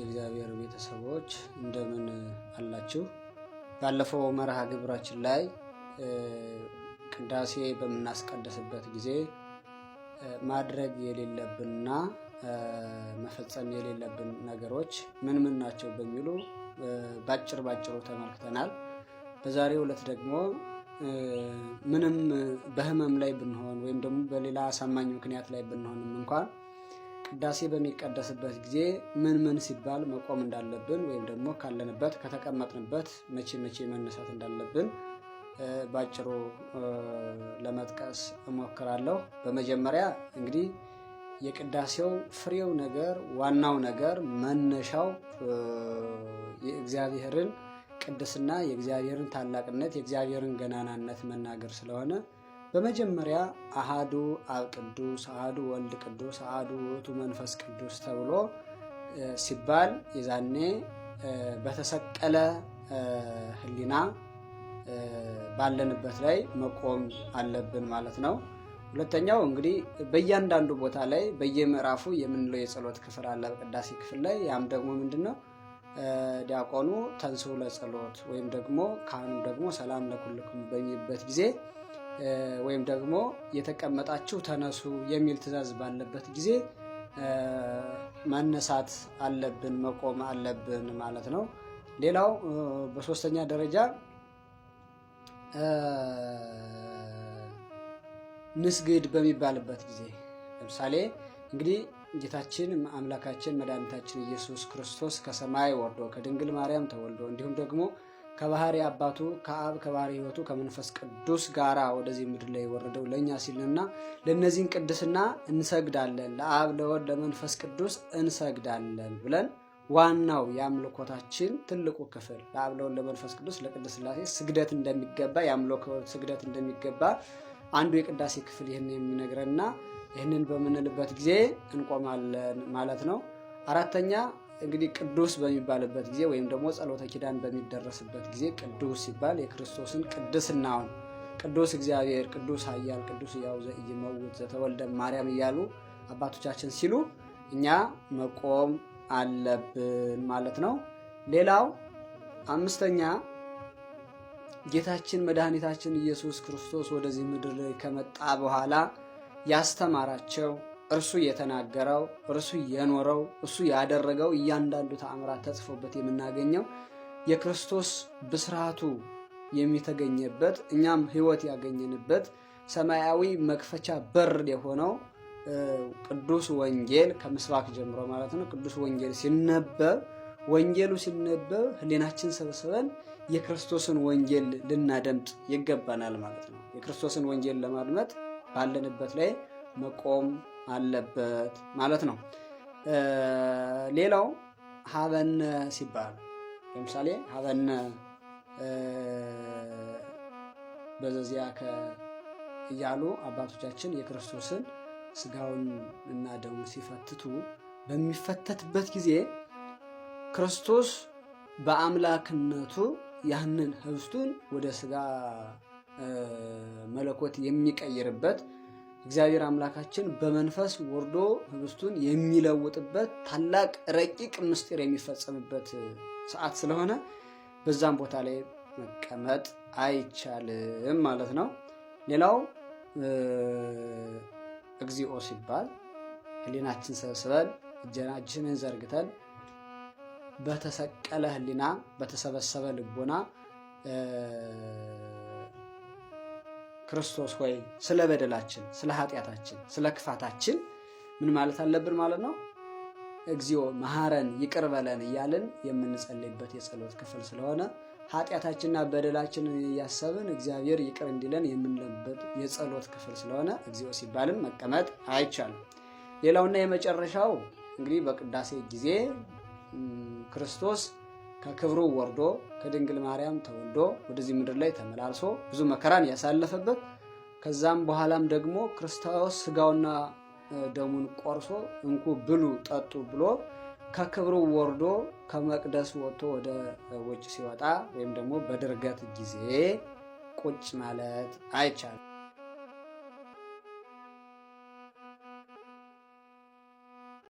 የእግዚአብሔር ቤተሰቦች እንደምን አላችሁ? ባለፈው መርሃ ግብራችን ላይ ቅዳሴ በምናስቀድስበት ጊዜ ማድረግ የሌለብንና መፈጸም የሌለብን ነገሮች ምን ምን ናቸው በሚሉ ባጭር ባጭሩ ተመልክተናል። በዛሬው ዕለት ደግሞ ምንም በህመም ላይ ብንሆን ወይም ደግሞ በሌላ አሳማኝ ምክንያት ላይ ብንሆንም እንኳን ቅዳሴ በሚቀደስበት ጊዜ ምን ምን ሲባል መቆም እንዳለብን ወይም ደግሞ ካለንበት ከተቀመጥንበት መቼ መቼ መነሳት እንዳለብን ባጭሩ ለመጥቀስ እሞክራለሁ። በመጀመሪያ እንግዲህ የቅዳሴው ፍሬው ነገር ዋናው ነገር መነሻው የእግዚአብሔርን ቅድስና፣ የእግዚአብሔርን ታላቅነት፣ የእግዚአብሔርን ገናናነት መናገር ስለሆነ በመጀመሪያ አሃዱ አብ ቅዱስ፣ አሃዱ ወልድ ቅዱስ፣ አሃዱ ውእቱ መንፈስ ቅዱስ ተብሎ ሲባል የዛኔ በተሰቀለ ህሊና ባለንበት ላይ መቆም አለብን ማለት ነው። ሁለተኛው እንግዲህ በእያንዳንዱ ቦታ ላይ በየምዕራፉ የምንለው የጸሎት ክፍል አለ በቅዳሴ ክፍል ላይ። ያም ደግሞ ምንድን ነው? ዲያቆኑ ተንሥኡ ለጸሎት ወይም ደግሞ ካህኑ ደግሞ ሰላም ለኩልክሙ በሚልበት ጊዜ ወይም ደግሞ የተቀመጣችሁ ተነሱ የሚል ትዕዛዝ ባለበት ጊዜ መነሳት አለብን፣ መቆም አለብን ማለት ነው። ሌላው በሶስተኛ ደረጃ ንስግድ በሚባልበት ጊዜ ለምሳሌ እንግዲህ ጌታችን አምላካችን መድኃኒታችን ኢየሱስ ክርስቶስ ከሰማይ ወርዶ ከድንግል ማርያም ተወልዶ እንዲሁም ደግሞ ከባህሪ አባቱ ከአብ ከባህሪ ህይወቱ ከመንፈስ ቅዱስ ጋራ ወደዚህ ምድር ላይ የወረደው ለእኛ ሲልና ለእነዚህን ቅድስና እንሰግዳለን፣ ለአብ ለወድ ለመንፈስ ቅዱስ እንሰግዳለን ብለን ዋናው የአምልኮታችን ትልቁ ክፍል ለአብ ለወልድ ለመንፈስ ቅዱስ ለቅድስት ሥላሴ ስግደት እንደሚገባ የአምልኮ ስግደት እንደሚገባ አንዱ የቅዳሴ ክፍል ይህን የሚነግረና ይህንን በምንልበት ጊዜ እንቆማለን ማለት ነው። አራተኛ እንግዲህ ቅዱስ በሚባልበት ጊዜ ወይም ደግሞ ጸሎተ ኪዳን በሚደረስበት ጊዜ ቅዱስ ሲባል የክርስቶስን ቅድስናውን ቅዱስ እግዚአብሔር፣ ቅዱስ ኃያል፣ ቅዱስ ሕያው ዘኢይመውት ዘተወልደ ማርያም እያሉ አባቶቻችን ሲሉ እኛ መቆም አለብን ማለት ነው። ሌላው አምስተኛ ጌታችን መድኃኒታችን ኢየሱስ ክርስቶስ ወደዚህ ምድር ላይ ከመጣ በኋላ ያስተማራቸው እርሱ የተናገረው እርሱ የኖረው እሱ ያደረገው እያንዳንዱ ተአምራት ተጽፎበት የምናገኘው የክርስቶስ ብስራቱ የሚተገኘበት እኛም ሕይወት ያገኘንበት ሰማያዊ መክፈቻ በር የሆነው ቅዱስ ወንጌል ከምስራቅ ጀምሮ ማለት ነው። ቅዱስ ወንጌል ሲነበብ ወንጌሉ ሲነበብ ሕሊናችን ሰብስበን የክርስቶስን ወንጌል ልናደምጥ ይገባናል ማለት ነው። የክርስቶስን ወንጌል ለማድመጥ ባለንበት ላይ መቆም አለበት ማለት ነው። ሌላው ሀበነ ሲባል ለምሳሌ ሀበነ በዘዚያ እያሉ አባቶቻችን የክርስቶስን ስጋውን እና ደሙ ሲፈትቱ በሚፈተትበት ጊዜ ክርስቶስ በአምላክነቱ ያንን ህብስቱን ወደ ስጋ መለኮት የሚቀይርበት እግዚአብሔር አምላካችን በመንፈስ ወርዶ ህብስቱን የሚለውጥበት ታላቅ ረቂቅ ምስጢር የሚፈጸምበት ሰዓት ስለሆነ በዛም ቦታ ላይ መቀመጥ አይቻልም ማለት ነው። ሌላው እግዚኦ ሲባል ህሊናችን ሰብስበን እጀናችንን ዘርግተን በተሰቀለ ህሊና በተሰበሰበ ልቦና ክርስቶስ ሆይ ስለ በደላችን፣ ስለ ኃጢአታችን፣ ስለ ክፋታችን ምን ማለት አለብን ማለት ነው? እግዚኦ መሐረን ይቅር በለን እያልን የምንጸልይበት የጸሎት ክፍል ስለሆነ ኃጢአታችንና በደላችንን እያሰብን እግዚአብሔር ይቅር እንዲለን የምንለበት የጸሎት ክፍል ስለሆነ እግዚኦ ሲባልም መቀመጥ አይቻልም። ሌላውና የመጨረሻው እንግዲህ በቅዳሴ ጊዜ ክርስቶስ ከክብሩ ወርዶ ከድንግል ማርያም ተወልዶ ወደዚህ ምድር ላይ ተመላልሶ ብዙ መከራን ያሳለፈበት ከዛም በኋላም ደግሞ ክርስቶስ ስጋውና ደሙን ቆርሶ እንኩ ብሉ ጠጡ ብሎ ከክብሩ ወርዶ ከመቅደስ ወጥቶ ወደ ውጭ ሲወጣ ወይም ደግሞ በድርገት ጊዜ ቁጭ ማለት አይቻልም።